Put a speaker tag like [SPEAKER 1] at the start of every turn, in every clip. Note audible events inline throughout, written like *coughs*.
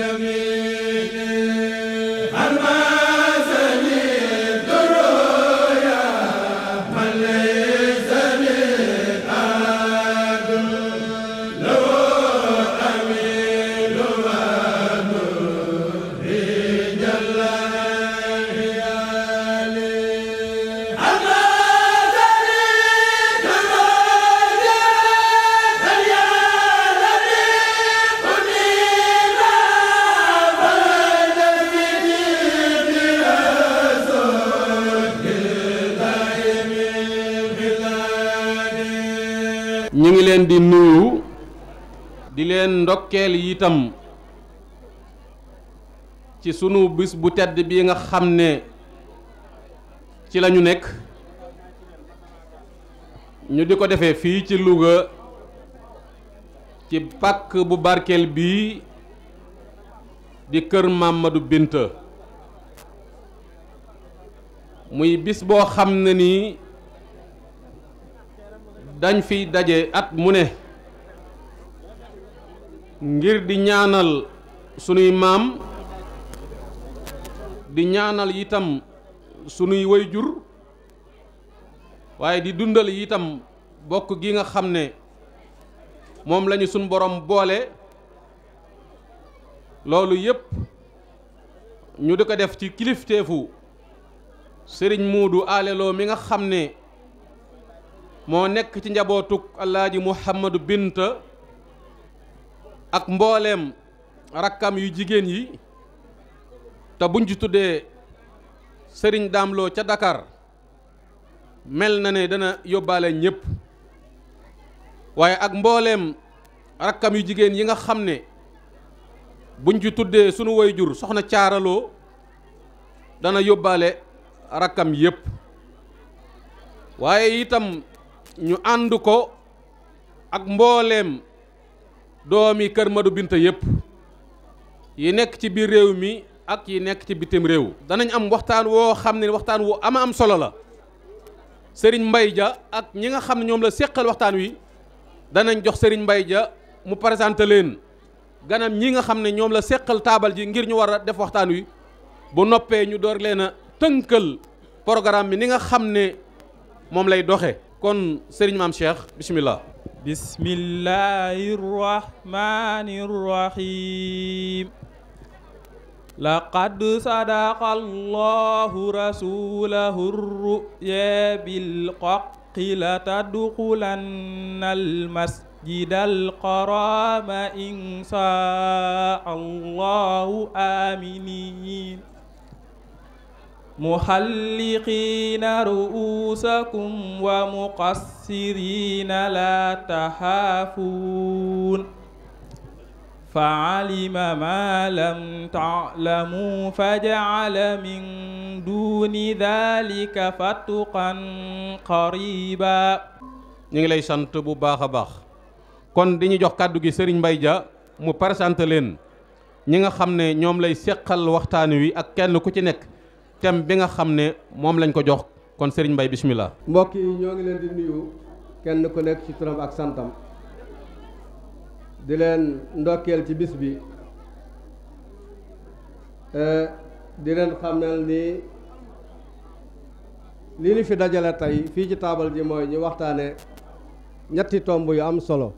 [SPEAKER 1] اليمين
[SPEAKER 2] ndokkeel itam ci sunu bis bu tedd bi nga xam ne ci lañu nekk ñu di ko defee fii ci Louga ci pàkk bu barkeel bii di kër Mamadou Binta muy bis boo xam ne nii dañ fiy daje at mu ne ngir di ñaanal sunuy maam di ñaanal itam sunuy wayjur waaye di dundal itam bokk gi nga xam ne moom lañu sunu boroom boole loolu yépp ñu di ko def ci kilifteefu sëriñ muudu aaleloo mi nga xam ne moo nekk ci njabootuk alaaji muhammadu binta ak mbooleem rakkam yu jigéen yi te buñ ci tuddee sëriñ daamloo ca daqaar mel na ne dana yóbbaale ñépp waaye ak mbooleem rakkam yu jigéen yi nga xam ne buñ ci tuddee sunu jur soxna caaraloo dana yóbbaale rakkam yépp waaye itam ñu ànd ko ak mbooleem doomi kër Madu Binta yépp yi nekk ci biir réew mi ak yi nekk ci bitim réew danañ am waxtaan woo xam ne waxtaan wu ama am solo la Serigne mbay ja ak ñi nga xam ne ñoom la séqal waxtaan wi danañ jox Serigne Mbaye Dia mu présenté leen ganam ñi nga xam ne ñoom la séqal taabal ji ngir ñu war a def waxtaan wi bu noppee ñu door leen a tënkal programme bi ni nga xam ne moom lay doxe kon Serigne Maam Cheikh bismillah bismillahi rahmani rahim laqad sadaqa allahu rasulahu ruya bilqaqi latadxulanna almasjida alqarama in saa allahu aminin muxalliqiina ru'uusakum wa muqassiriina laa taxaafuun fa'alima maa lam ta'lamuu faja'ala min duuni daalika fatqan qariiba ñu ngi lay sant bu baax a baax kon di ñu jox kàddu gi Serigne Mbaye Dia mu présenté leen ñi nga xam ne ñoom lay seqal waxtaan wi ak kenn ku ci nekk thème bi nga xam ne moom lañ ko jox kon sëriñ mbay bismillah
[SPEAKER 3] mbokk yi ñoo ngi leen di nuyu kenn ku nekk ci turam ak santam di leen ndokkeel ci bis bi eh, di leen xamal ni li ñu fi dajale tey fii ci taabal ji mooy ñu waxtaane ñetti tomb yu am solo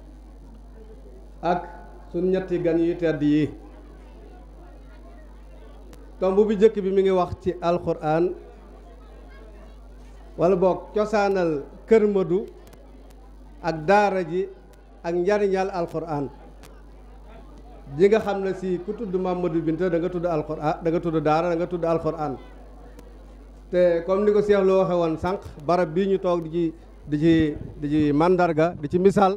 [SPEAKER 3] *coughs* ak suñ ñetti gan yu tedd yi tomb bu njëkk bi mi ngi wax ci alquran wala boog cosaanal kër Madou ak daara ji ak njariñal alquran ji nga xam ne si ku tudd Mame Madou Binta da nga tudd alquran da nga tudd daara da nga tudd alquran te comme ni ko Cheikh Lo waxe woon sànq barab bii ñu toog di ci di ci di ci mandarga di ci misaal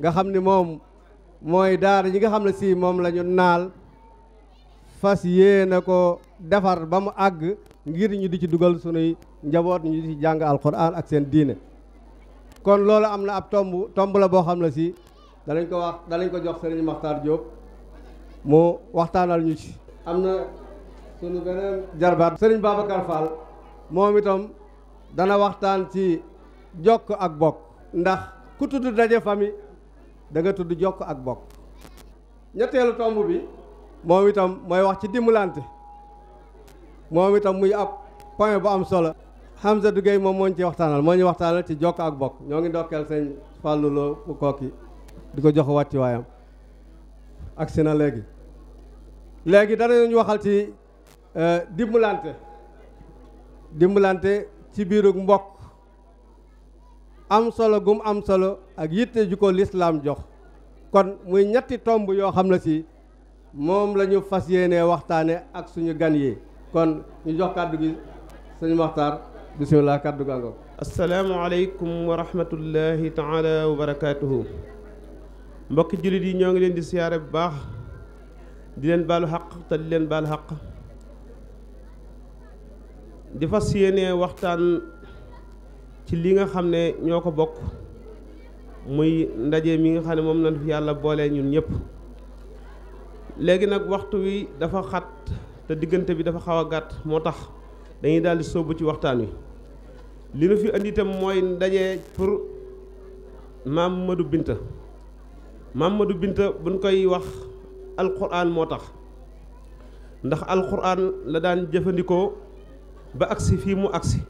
[SPEAKER 3] nga xam ni moom mooy daara ji nga xam ne si moom la naal fas na ko defar ba mu àgg ngir ñu di ci dugal sunuy njaboot ñu di ci jàng alxuraan ak seen diine kon loolu am na ab tomb tomb la boo xam ne si danañ ko wax danañ ko jox sëriñ Maxtaar Diop mu waxtaanal ñu ci am na sunu beneen jarbaat sëriñ Babacar Fall moom itam dana waxtaan ci jokk ak bokk ndax ku tudd daje famille da nga tudd jokk ak bokk ñetteelu tomb bi moom itam mooy wax ci dimbalante moom itam muy ab point bu am solo Hamza Duguay moom moo ñu ci waxtaanal moo ñu waxtaanal ci jokk ak bokk ñoo ngi ndokkeel sëñ Fallou Lo bu Koki di ko jox wàcci waayam ak si na léegi léegi danañu waxal ci euh, dimbalante dimbalante ci biirug mbokk am solo gum am solo ak yitte ju lislaam jox kon muy ñetti tomb yoo xam ne si moom lañu fas yéenee waxtaane ak suñu gan yi kon ñu jox kàddu gi sëñ Maxtaar bisimilah kàddu gàngo
[SPEAKER 4] asalaamaaleykum wa rahmatullahi taala wa barakaatuhu mbokki jullit yi ñoo ngi leen di siyaare bu baax di leen baalu xaq te di leen baalu xaq di fas yéenee waxtaan ci li nga xam ne ñoo ko bokk muy ndaje mi nga xam ne moom lañ fi yàlla boole ñun ñëpp léegi nag waxtu wi dafa xat te diggante bi dafa xaw a gàtt moo tax dañuy daal di sóobu ci waxtaan wi li nu fi indi itam mooy ndaje pour maam Madou Binta maam Madou Binta buñ koy wax alquran moo tax ndax alquran la daan jëfandikoo ba agsi fii mu agsi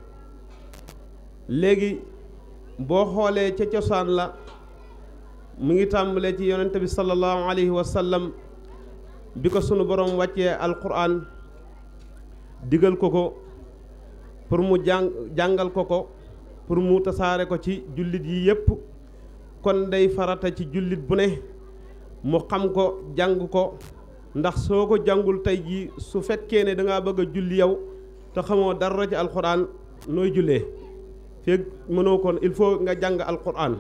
[SPEAKER 4] léegi boo xoolee ca cosaan la mu ngi tàmbalee ci yonente bi sallallahu alayhi wa sallam bi ko sunu borom wàccee alquran digal ko ko pour mu jàng jàngal ko ko pour mu tasaare ko ci jullit yi yépp kon day farata ci jullit bu ne mu xam ko jàng ko ndax soo ko jàngul tey jii su fekkee ne dangaa bëgg a julli yow te xamoo dara ci alxuraan nooy jullee feeg mënoo kon il nga jàng alquran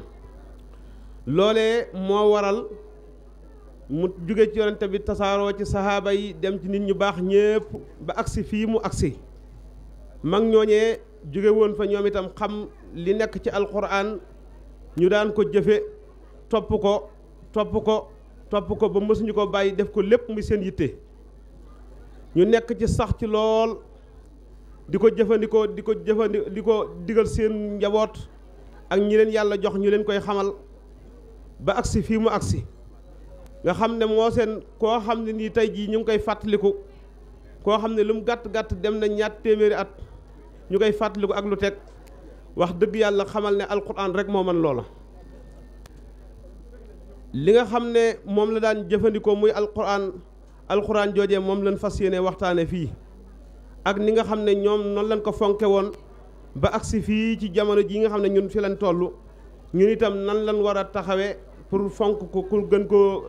[SPEAKER 4] loolee moo waral mu jóge ci yonente bi tasaaroo ci sahaaba yi dem ci nit ñu baax ñépp ba agsi fii mu agsi mag ñooñee jóge woon fa ñoom itam xam li nekk ci alquran ñu daan ko jëfe topp ko topp ko topp ko ba mësuñu ko bàyyi def ko lépp muy seen yitte ñu nekk ci sax ci lool di ko jëfandikoo di ko jëfandi di ko digal seen njaboot ak ñi leen yàlla jox ñu leen koy xamal ba agsi fii mu agsi nga xam ne moo seen koo xam ne nii tey jii ñu ngi koy fàttaliku koo xam ne lu mu gàtt-gàtt dem na ñaat téeméeri at ñu koy fàttaliku ak lu teg wax dëgg yàlla xamal ne alquran rek moo man loola li nga xam ne moom la daan jëfandikoo muy alquran alquran jooje moom lañ fas yéene waxtaane fii ak ni nga xam ne ñoom noonu lañ ko fonke woon ba agsi fii ci jamono ji nga xam ne ñun fi lañ toll ñun itam nan lañ war a taxawee pour fonk ko ku gën koo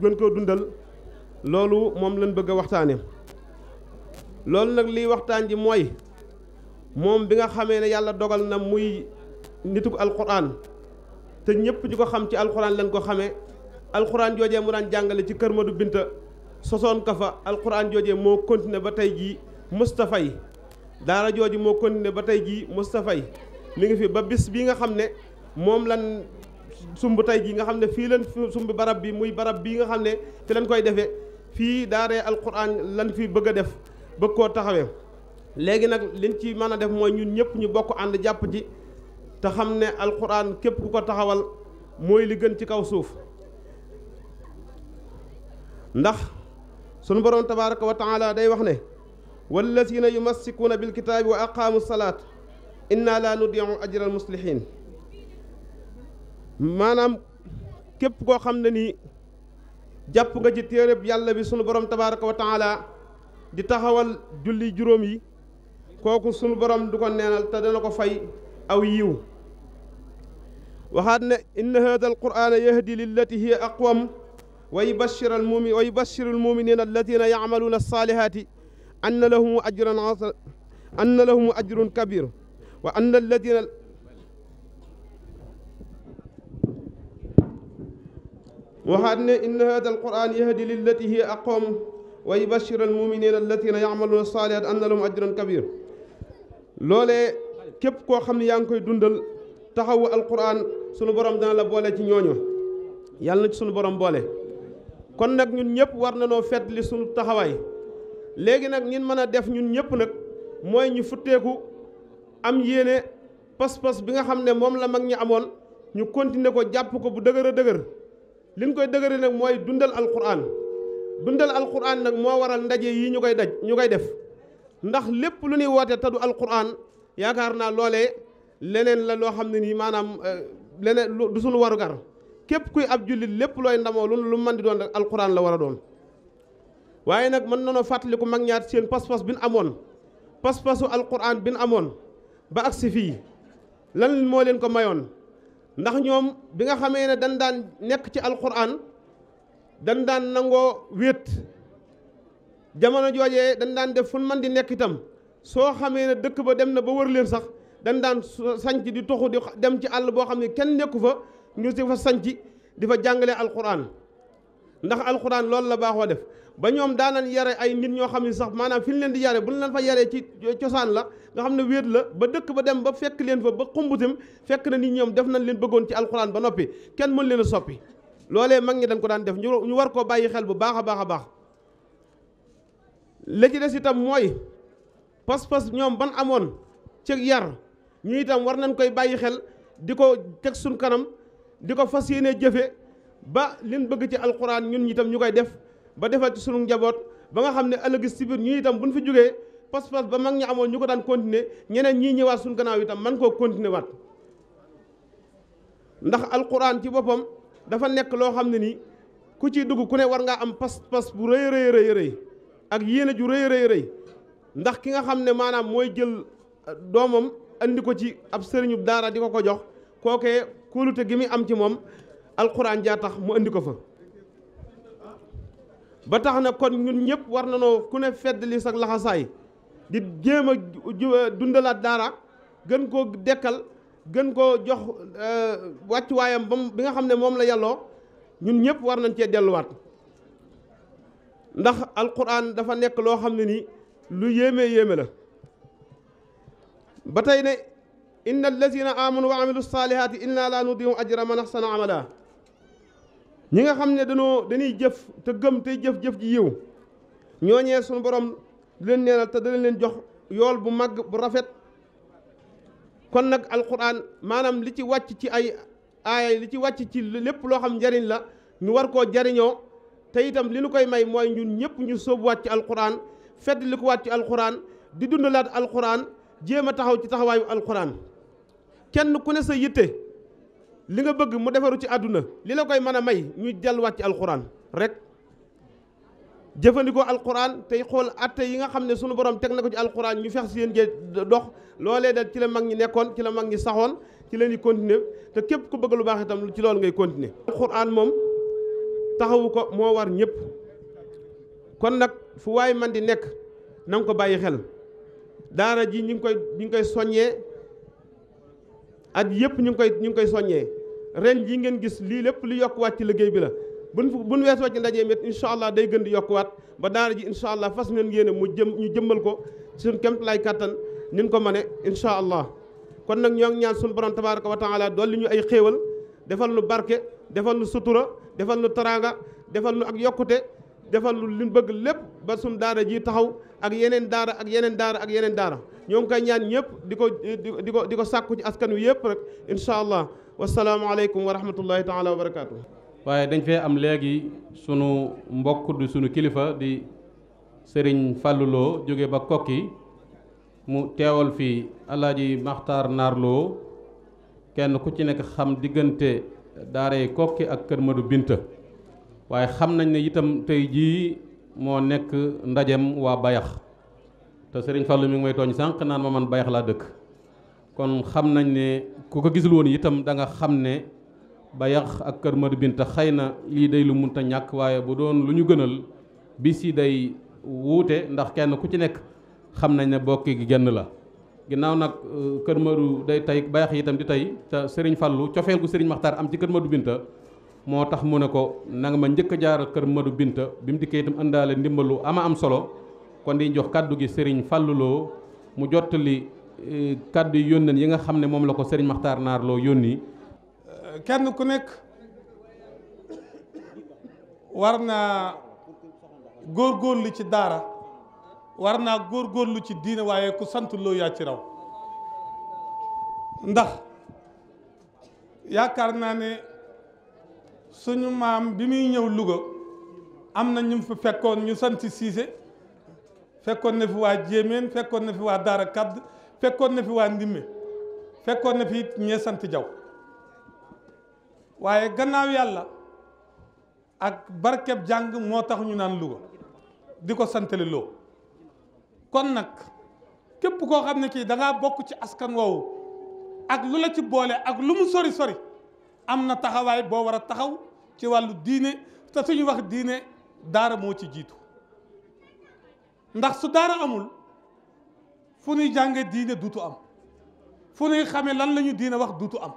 [SPEAKER 4] gën dundal loolu moom lañ bëgg a waxtaane loolu nag liy waxtaan ji mooy moom bi nga xamee ne yàlla dogal na muy nituk alxuraan te ñëpp ñu ko xam ci alxuraan lañ ko xamee alxuraan joojee mu daan jàngale ci kër Madu Binta sosoon ka fa alxuraan jooje moo continué ba tey jii Moustapha yi daara jooju moo continué ba tey jii Moustapha yi mi ngi fi ba bis bi nga xam ne moom lan sumb tey jii nga xam ne fii leen sumb barab bi muy barab bii nga xam ne fi leen koy defee fii daaree alquran lan fi bëgg a def bëgg koo taxawe léegi nag liñ ci mën a def mooy ñun ñëpp ñu bokk ànd jàpp ji te xam ne alquran képp ku ko taxawal mooy li gën ci kaw suuf ndax sunu borom tabaraka wa taala day wax ne wallazina yumassikuuna bilkitaabi wa aqaamu salaat inna la nudiu ajra almuslihin maanaam képp koo xam ne nii jàpp nga ci téereb yàlla bi sunu borom tabaaraka wa taala di taxawal julli juróom yi kooku sunu borom du ko neenal te dana ko fay aw yiw waxaat ne inna hada alqur'ana yahdi lillati hiya aqwam wa yubashir almumin wa yubashir almuminina alladina yacmaluuna alsalihati anna lahum ajran anna lahum ajrun kabir wa anna alladina waxaat ne inna hada alquran yahdi lillati hiya aqoom wa yubashir almuminina allatina yacmaluuna saalihat anna lahum ajran kabir loolee képp koo xam ne yaa ngi koy dundal taxawu alquran sunu borom dana la boole ci ñooñu yàlla na ci sunu borom boole kon nag ñun ñëpp war na noo fet li sunu taxawaay léegi nag ñin mën a def ñun ñëpp nag mooy ñu futteeku am yéene pas-pas bi nga xam ne moom la mag ñi amoon ñu continuer ko jàpp ko bu dëgër a dëgër li ñu koy dëgëre nag mooy dundal alquran dundal alquran nag moo waral ndaje yii ñu koy daj ñu koy def ndax lépp lu ñuy woote te du alquran yaakaar naa loole leneen la loo xam ne nii maanaam euh, leneen du suñu warugar képp kuy ab jullit lépp looy ndamoo lu lu mën di doon rek alquran la war a doon waaye nag mën nañoo fàttaliku mag ñaat seen pas-pas bi nu amoon pas-pasu alquran bi bin amoon ba agsi fii lan moo leen ko mayoon ndax ñoom bi nga xamee ne dañ daan nekk ci alxuraan dañ daan nangoo wéet jamono joojee dañ daan def fu man di nekk itam soo xamee ne dëkk ba dem na ba wër leen sax dañ daan sanc di toxu di dem ci àll boo xam ne kenn nekku fa ñu si fa sanc di fa jàngale alxuraan ndax alquran loolu la baaxoo def ba ñoom daanal yare ay nit ñoo xam ne sax maanaam fi ñu leen di yare bu ñu leen fa yaree ci cosaan la nga xam ne wéet la ba dëkk ba dem ba fekk leen fa ba xumbutim fekk na nit ñoom def nañ leen bëggoon ci alxuraan ba noppi kenn mën leen a soppi loolee mag ñi dañ ko daan def ñu war koo bàyyi xel bu baax a baax a baax la ci des itam mooy pas-pas ñoom ban amoon ci yar ñu itam war nañ koy bàyyi xel di ko teg suñ kanam di ko fas yéenee jëfe ba liñ bëgg ci alxuraan ñun ñi ñu koy def ba defal ci sunu njaboot ba nga xam ne ëllëg si biir ñu itam buñ fi jógee pas-pas ba mag ñi amoon ñu ko daan continuer ñeneen ñii ñëwaat suñu gannaaw tam man koo continuer waat ndax alquran ci boppam dafa nekk loo xam ne nii ku ciy dugg ku ne war ngaa am pas-pas bu rëy rëy rëy ak yéene ju rëy rëy rëy ndax ki nga xam ne maanaam mooy jël euh, doomam andi ko ci ab sëriñub daara di ko ko jox kookee kóolute gi muy am ci moom alquran jaa tax mu andi ko fa ba tax na kon ñun ñëpp war na ku ne fedd li sax laxasaay di jéem a dundalaat daara gën koo dekkal gën koo jox euh, wàccuwaayam ba bi nga xam ne moom la yàlloo ñun ñëpp war nañ cee delluwaat ndax alquran dafa nekk loo xam ne nii lu yéeme yéeme la ba tey ne inna allazina amanu wa amilu salihaati inna la nudiu ajra man ahsana amala ñi nga xam ne danoo dañuy jëf te gëm tey jëf-jëf ji yiw ñooñee suñu borom di leen neenal te dana leen jox yool bu màgg bu rafet kon nag alquran maanaam li ci wàcc ci ay aaya li ci wàcc ci lépp loo xam njariñ la ñu war koo jariñoo te itam li nu koy may mooy ñun ñëpp ñu soob wàcc alquran fedd li ko wàcc alquran di dundalaat alquran jéem a taxaw ci taxawaayu alquran kenn ku ne sa yitte li nga bëgg mu defaru ci àdduna li la koy mën a may ñuy delluwaat ci alxuraan rek jëfandikoo alxuraan tey xool atte yi nga xam ne sunu borom teg na ko ci alxuraan ñu fex si yéen jee dox loolee dal ci la mag ñi nekkoon ci la mag ñi saxoon ci leen di continuer te képp ku bëgg lu baax itam ci loolu ngay continuer alxuraan moom taxawu ko moo war ñëpp kon nag fu waay man di nekk na ko bàyyi xel daara ji ñu ngi koy ñu ngi koy soññee at yëpp ñu ngi koy ñu ngi koy soññee ren jii ngeen gis lii lépp lu yokkuwaat ci liggéey bi la buñ buñ weesoo ci ndaje met incha allah day gën di waat ba daara ji incha allah fas ngeen yéene mu jëm ñu jëmmal ko suñ kemtalaay kàttan nin ko mane incha allah kon nag ñoo ngi ñaan suñu borom tabaraka wa taala dolli ñu ay xéewal defal nu barke defal nu sutura defal nu taraanga defal nu ak yokkute defal nu li bëgg lépp ba suñ daara ji taxaw ak yeneen daara ak yeneen daara ak yeneen daara ñoo ngi ñaan ñëpp di ko di ko di ko sàkku ci askan wi yëpp rek incha wasalaamaaleykum wa rahmatullahi taala wa barakaatu.
[SPEAKER 2] waaye dañ fee am léegi sunu mbokk di sunu kilifa di sëriñ Fallou jóge ba kokki mu teewal fii alaaji Maxtaar Naar kenn ku ci nekk xam diggante daaray kokki ak kër bint Binta waaye xam nañ ne itam tey jii moo nekk ndajem waa bayax te sëriñ Fallou mi ngi may tooñ sànq naan ma man bayax laa dëkk kon xam nañ ne ku ko gisul woon itam danga xam ne Bayax ak Kër Madi Binta xëy na lii day lu munta ñàkk waaye bu doon lu ñu gënal bis yi day wuute ndax kenn ku ci nekk xam nañ ne bokk gi genn la ginnaaw nag euh, Kër Madu day tey Bayax itam di tey te Serigne Fallou cofeel ku Serigne Maxtaar am ci Kër Madi Binta moo tax mu ne ko nanga ma njëkk a jaaral Kër Madu Binta bi mu dikkee itam àndaale ndimbalu ama am solo kon di jox kàddu gi Serigne Fallou Lo mu jottali kàddu yónneen yi nga xam ne moom la ko Serigne Makhtar naarloo loo yónni
[SPEAKER 5] kenn ku nekk war naa góor góorgóorlu ci daara war naa góor góorgóorlu ci diine waaye ku sant loo yaa ci raw ndax yaakaar naa ne suñu maam bi muy ñëw Louga am na ñu fi fekkoon ñu sant Cissé fekkoon na fi waa Jéemeen fekkoon na fi waa Daara kàdd fekkoon na fi waa ndimme fekkoon na fi ñee sant jaw waaye gannaaw yàlla ak barkeb jàng moo tax ñu naan Louga di ko santale loo kon nag képp koo xam ne kii da bokk ci askan woowu ak lu la ci boole ak lu mu sori sori am na taxawaay boo war a taxaw ci wàllu diine te suñu wax diine daara moo ci jiitu ndax su daara amul fu ñuy jànge diine duutu am fu ñuy xamee lan lañu ñu diine wax duutu am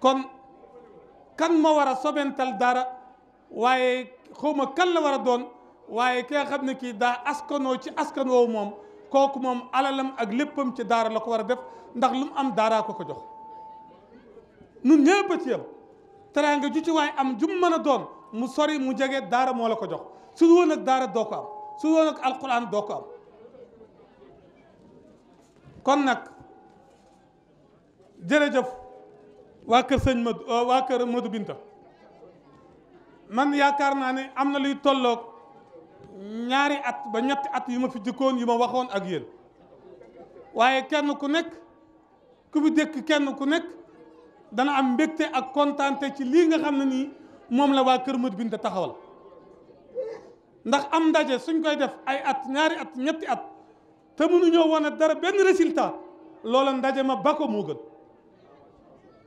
[SPEAKER 5] kon kan ma war a sobental daara waaye xawma kan la war a doon waaye ki nga xam ne kii daa askanoo ci askan woowu moom kooku moom alalam ak léppam ci daara la ko war a def ndax lu am daara ko ko jox nu ñëpp a ci yam teraanga ju ci waaye am jum mën a doon mu sori mu jege daara moo la ko jox su woon ak daara doo ko am su woon ak alquran doo ko am kon nag jërëjëf waa kër sëñ Modou euh, waa kër Modou Binta man yaakaar naa ni am na luy tolloog ñaari at ba ñetti at yu ma fi jëkkoon yu ma waxoon ak yéen waaye kenn ku nekk ku bi dëkk kenn ku nekk dana am mbégte ak kontaante ci lii nga xam ne nii moom la waa kër Modou Binta taxawal ndax am ndaje suñ koy def ay at ñaari at ñetti at te mënuñoo wane dara benn résultat loola ndaje ma bako moo gën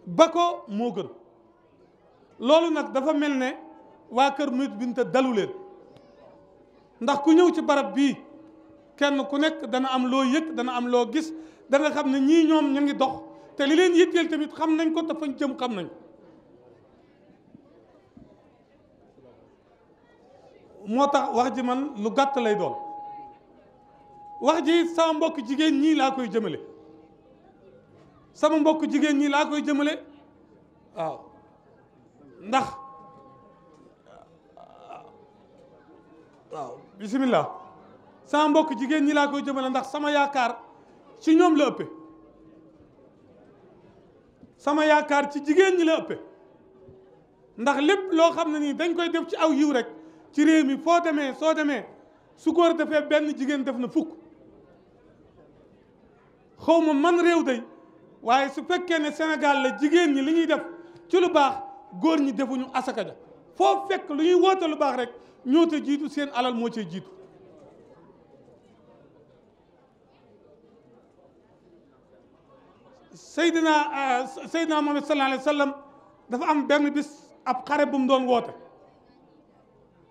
[SPEAKER 5] bako moo gën loolu nag dafa mel ne waa kër Minute Binta dalu leen ndax ku ñëw ci barab bii kenn ku nekk dana am loo yëg dana am loo gis dana xam ne ñii ñoom ñu ngi dox te li leen yitteel tamit xam nañ ko te jëm xam nañ moo tax wax ji man lu gàtt lay doon wax ji sama mbokk jigéen ñii laa koy jëmale sama mbokk jigéen ñii laa koy jëmale waaw waaw bisimilah sama mbokk jigéen ñi laa koy jëmale ndax sama yaakaar ci ñoom la ëppe sama yaakaar ci jigéen ñi la ëppe ndax lépp loo xam ne nii dañ koy def ci aw yiw rek ci réew mi foo demee soo demee su góor defee benn jigéen def na fukk xawma man réew day waaye su fekkee ne Sénégal la jigéen ñi li ñuy def ci lu baax góor ñi defuñu asaka ja foo fekk lu ñuy woote lu baax rek ñoo te jiitu seen alal moo cee jiitu Seydina euh, Seydina Muhammad sallallahu alayhi wa dafa am benn bis ab xare bu mu doon woote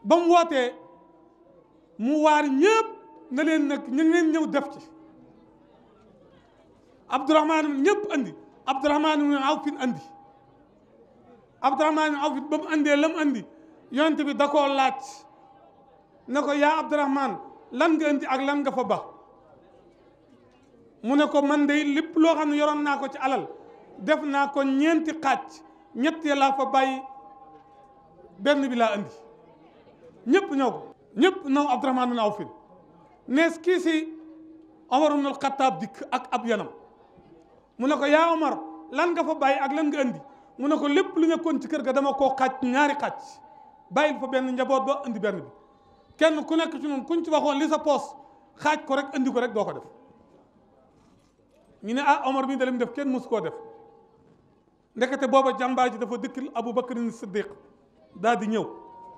[SPEAKER 5] ba mu wootee mu waar ñëpp na leen nag ñu leen ñëw def ci Abdourahmaan ñëpp andi Abdourahmaan ibn Awf andi Abdourahmaan ibn Awf ba mu andee la andi yonent bi da koo laaj ne ko yaa Abdourahmaan lan nga andi ak lan nga fa ba mu ne ko man de lépp loo xam ne yoroon naa ko ci alal def naa ko ñeenti xaaj ñett ya fa bàyyi benn bi laa andi ñëpp ñëw ko naw Abdourahmaan ibn Awf nees kii si Omar ibn al-Khattab dikk ak ab yanam mu ne ko yaa Omar lan nga fa bàyyi ak lan nga andi mu ne ko lépp lu nekkoon ci kër ga dama koo xaaj ñaari xaaj bàyyil fa benn njaboot ba andi benn bi kenn ku nekk ci noonu kuñ ci waxoon li sa poos xaaj ko rek andi ko rek doo ko def ñu ne ah Omar bi dalim def kenn mosu koo def ndekete booba jàmbaar ji dafa dëkkil Abu Bakrin Siddiq daal di ñëw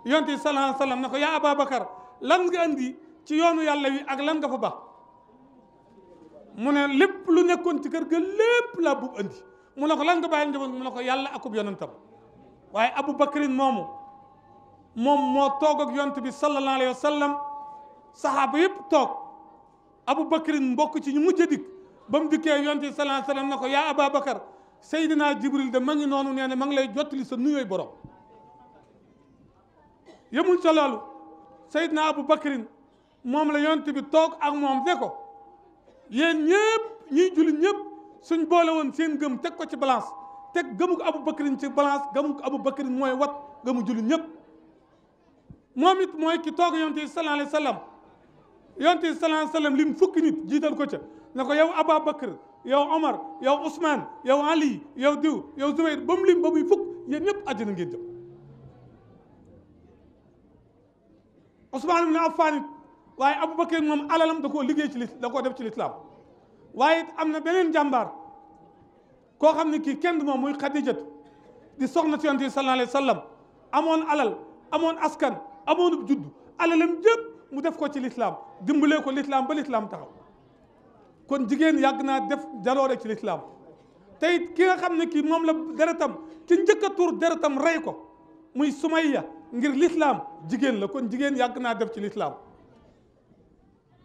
[SPEAKER 5] yonte bi sallallahu alayhi sallam ne ko yaa Ababakar lan nga andi ci yoonu yàlla wi ak lan nga fa ba mu ne lépp lu nekkoon ci kër ga laa bugg andi mu ne ko lan nga bàyyi njaboot mu ne ko yàlla akub yonentam waaye abu bakrin moomu moom moo toog ak yonent bi sallallahu alayhi wa sallam yëpp toog abu bakrin mbokk ci ñu mujj dikk ba mu dikkee yonent bi sallallahu alayhi ko yaa aba bakar seydina de ma ngi noonu nee na ma ngi lay jottali sa nuyooy borom yëmul ca loolu seydina abu moom la yonent toog ak moom de ko yéen ñëpp ñuy jullit ñëpp suñ boole woon seen gëm teg ko ci balance teg gëmuk abu bakarin ci balance gëmuk abu bakarin mooy wat gëmu jullit ñëpp moom it mooy ki toog yonte bi sallallahu alayhi wasallam yonte bi sallallahu lim fukki nit jiital ko ca na ko yow Abaa Bakar yow Omar yow Ousmane yow Ali yow diw yow Zubayr ba mu lim ba muy fukk yéen ñëpp àjjana ngeen jëm Ousmane ibn Affan waaye Aboubacar moom alalam da koo liggéey ci da koo def ci lislaam waaye am na beneen jàmbaar koo xam ne kii kenn moom muy Xadijatu di soxna si yonent bi sallallahu alayhi sallam amoon alal amoon askan amoon judd alalam jëpp mu def ko ci lislaam dimbalee ko lislaam ba lislaam taxaw kon jigéen yàgg naa def jaloore ci lislaam te it ki nga xam ne kii moom la deretam ci njëkk a tuur deretam rey ko muy Sumayya ngir lislaam jigéen la kon jigéen yàgg naa def ci lislaam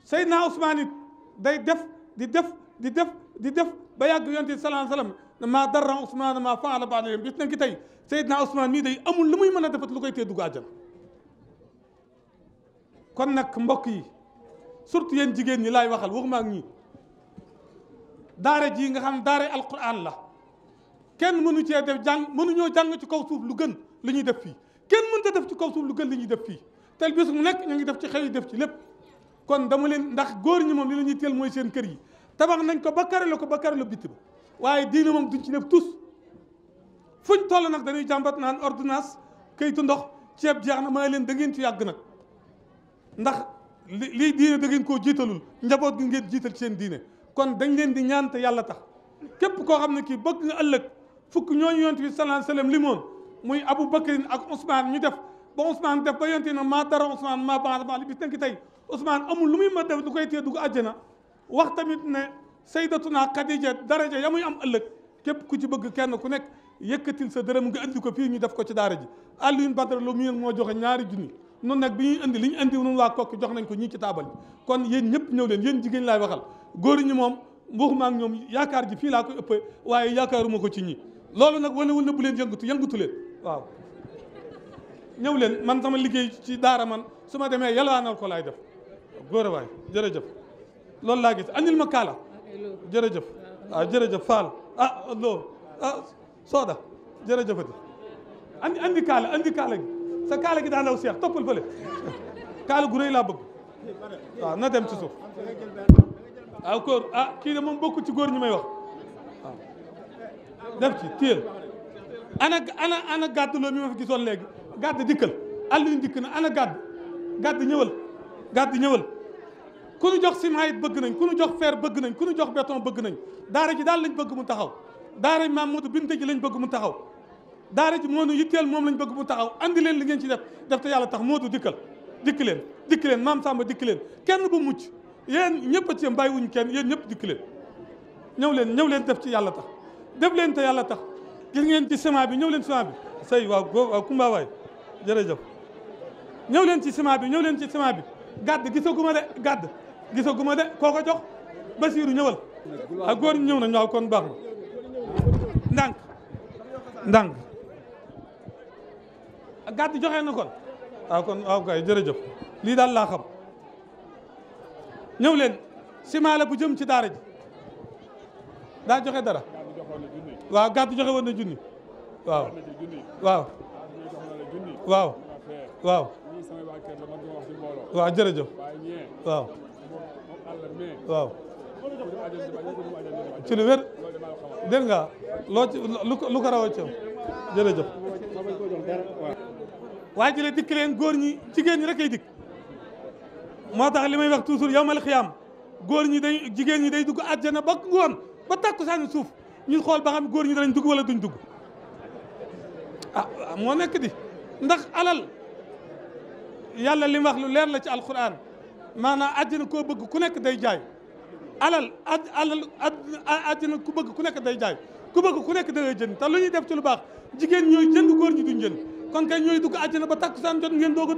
[SPEAKER 5] Seydina Ousmane it day def di def di def di def ba yàgg yonte bi salaa sallam maa darra Ousmane maa faala baada bis na ki tey Seydina Ousmane mii day amul lu muy mën a defat lu koy tee dugg àjjana kon nag mbokk yi surtout yéen jigéen ñi laay waxal waxuma ak ñi daare jii nga xam daare alquran la kenn mënu cee def jàng mënuñoo jàng ci kaw suuf lu gën li ñuy def fii kenn mënut a def ci kaw suuf lu gën li ñuy def fi tel bis mu nekk ñu ngi def ci xel yi def ci lépp kon dama leen ndax góor ñi moom li la ñuy teel mooy seen kër yi tabax nañ ko ba karale ko ba karale bitti ba waaye diine moom duñ ci def tus fuñ toll nag dañuy jàmbat naan ordinance kayitu ndox ceeb jeex na may leen da ngeen ci yàgg nag ndax lii diine da ngeen koo jiitalul njaboot gi ngeen jiital seen diine kon dañ leen di ñaan te yàlla tax képp koo xam na kii bëgg nga ëllëg fukk ñooñu yonent bi sallallahu alayhi wasallam muy Abu Bakrin ak Ousmane ñu def ba Ousmane def ba yonti na maa dara Ousmane maa baax maa li bis nekk tey Ousmane amul lu muy ma def du koy téye dugg àjjana wax tamit ne saydatuna Khadija daraja ya muy am ëllëg képp ku ci bëgg kenn ku nekk yëkkatil sa dërëm nga indi ko fii ñu def ko ci daara ji Alioune Badara Lo mu mo joxe ñaari junni noonu nag bi ñuy indi li ñu indi noonu waa kokki jox nañ ko ñii ci taabal bi kon yéen ñëpp ñëw leen yéen jigéen laay waxal góor ñi moom waxuma ak ñoom yaakaar ji fii laa koy ëppee waaye yaakaaruma ko ci ñi loolu nag wane wul na bu yëngatu yëngatu leen waaw ñëw leen man sama liggéey ci daara man su ma demee yalwaanal ko laay def góor a waay jërëjëf loolu laa gis andil ma kaala jërëjëf waaw ah, jërëjëf Fall ah loolu ah Soda jërëjëfati andi andi kaala andi kaala gi sa kaala gi daa ndaw seex toppal fële kaala gu rëy laa bëgg ah, na dem ci suuf waaw ah, koor kii de moom bokku ci góor ñi may wax waaw def ci téel ana ana ana gàdduloo ma fi gisoon léegi gàdd dikkal Alioune dikk na ana gàdd gàdd ñëwal gàdd ñëwal ku nu jox ciment it bëgg nañ ku nu jox fer bëgg nañ ku jox béton bëgg nañ daara ji daal lañ bëgg mu taxaw daara ji maam Modou Binte lañ bëgg mu taxaw daara ji moo nu yitteel moom lañ bëgg mu taxaw andi leen li ngeen ci def def te yàlla tax Modou dikkal dikk dikk leen maam Samba dikkileen leen kenn bu mucc yéen ñëpp a ci bàyyiwuñ kenn yéen ñëpp dikk leen ñëw leen ñëw leen def ci yàlla tax def leen te yàlla tax gis ngeen ci ciment bi ñëw leen ciment bi say waaw waaw kumba waay jërëjëf ñëw leen ci ciment bi ñëw leen ci ciment bi gàdd gisaguma de gàdd gisaguma de koo ko jox Basiiru ñëwal ak góor ñu ñëw nañ waaw kon baax na ndànk ndànk gàdd joxe na kon waaw kon waaw jërëjëf lii daal laa xam ñëw leen ciment la bu jëm ci daara ji daa joxe dara waaw gàdd joxe woon na junni waaw waaw waaw waaw waaw jërëjëf waaw waaw ci lu wér dégg nga loo ci lu ko raw a ci jërëjëf waaye jële dikk leen góor ñi jigéen ñi rek ay dikk moo tax li may wax toujours yawmal xiyaam góor ñi day jigéen ñi day dugg àjjana ba ngoon ba tàkku saani suuf ñu xool ba xam góor ñi danañ dugg wala duñ dugg ah moo nekk di ndax alal yàlla li mu wax lu leer la ci alquran maanaam àddina koo bëgg ku nekk day jaay alal ad alal àddina ku bëgg ku nekk day jaay ku bëgg ku nekk da ngay jënd te lu ñuy def ci lu baax jigéen ñooy jënd góor ñi duñ jënd kon kay ñooy dugg àddina ba takkusaan jot ngeen doog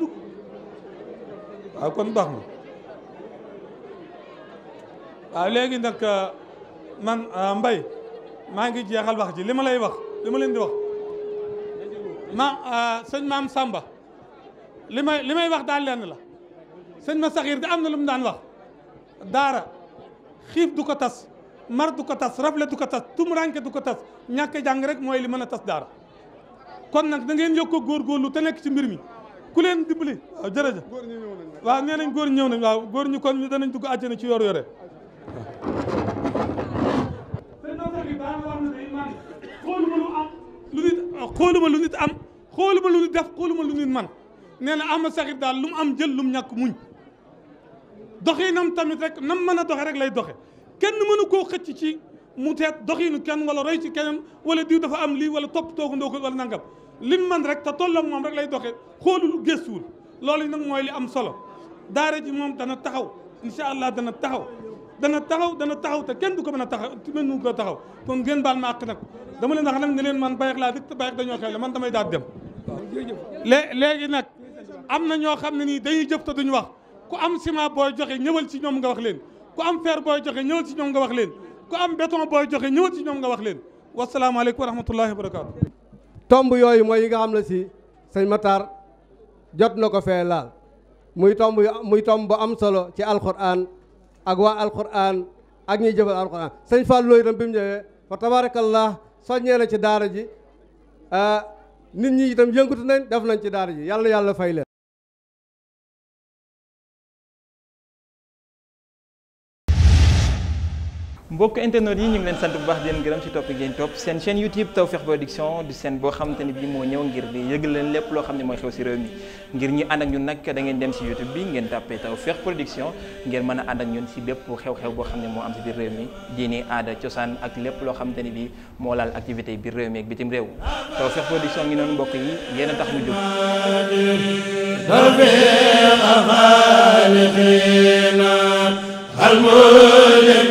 [SPEAKER 5] a kon baax na waaw léegi nag euh, man euh, mbay maa ngi jeexal wax ji li ma lay wax li ma leen di wax ma euh, sëñ maam Samba li may li may wax daal lenn la sëñ ma saxiir di am na lu daan wax daara xiif du ko tas mar du tas rafle du ko tas tumuranke du ko tas ñàkk jàng rek mooy li mën a tas daara kon nag da ngeen yokk a lu te nekk ci mbir mi ku leen dimbali waaw jërëjëf waaw nee nañ góor ñëw nañ waaw góor ñi kon ñu danañ dugg àjjana ci yor yore ma lu nit am xooluma lu nit def xooluma lu nit man nee na Ahmad Sakhir daal lu mu am jël lu mu ñàkk muñ nam tamit rek nam mën a doxe rek lay doxe kenn mënu koo xëcc ci mu teet doxinu kenn wala roy ci keneen wala diw dafa am lii wala topp toogu ndoo ko wala nangam lim man rek te tolloog moom rek lay doxee lu gëstuwul loolu nag mooy li am solo daare ji moom dana taxaw incha allah dana taxaw dana taxaw dana taxaw te kenn du ko mën a taxaw mën nu ko taxaw kon ngeen baal ma àq nag dama leen wax nag ne leen man bayax laa dëkk te bayax dañoo xew la man damay daal dem léegi nag am na ñoo xam ne nii dañuy jëf te duñu wax ku am ciment booy joxe ñëwal ci ñoom nga wax leen ku am fer booy joxe ñëwal ci ñoom nga wax leen ku am béton joxe ñëwal ci ñoom nga wax leen
[SPEAKER 3] wasalaamaaleykum wa rahmatullahi wa barakaatu tomb yooyu mooy yi nga xam ne si sëñ Matar jot na ko fee laal muy tomb muy tomb bu am solo ci alquran ak waa alquran ak ñuy jëfal alquran sëñ Fall looyu itam bi mu ñëwee fa tabarakallah soññee na ci daara ji ah, nit ñi itam yëngatu nañ def nañ ci daara ji yàlla yàlla fay leen
[SPEAKER 2] mbokk internet yi ñu ngi leen sant bu baax di leen gërëm topp ngeen topp seen chaîne YouTube Tawfekh Production du seen boo xamante ne bii moo ñëw ngir di yëgal leen lépp loo xam ne mooy xew si réew mi ngir ñu ànd ak ñun nag da ngeen dem si YouTube bi ngeen tàppee Tawfekh Production ngeen mën a ànd ak ñun si bépp xew-xew boo xam ne moo am si biir réew mi diini aada cosaan ak lépp loo xamante ne bii moo laal activité biir réew mi ak bitim réew Tawfekh Production ngi noonu mbokk yi yéen
[SPEAKER 1] a tax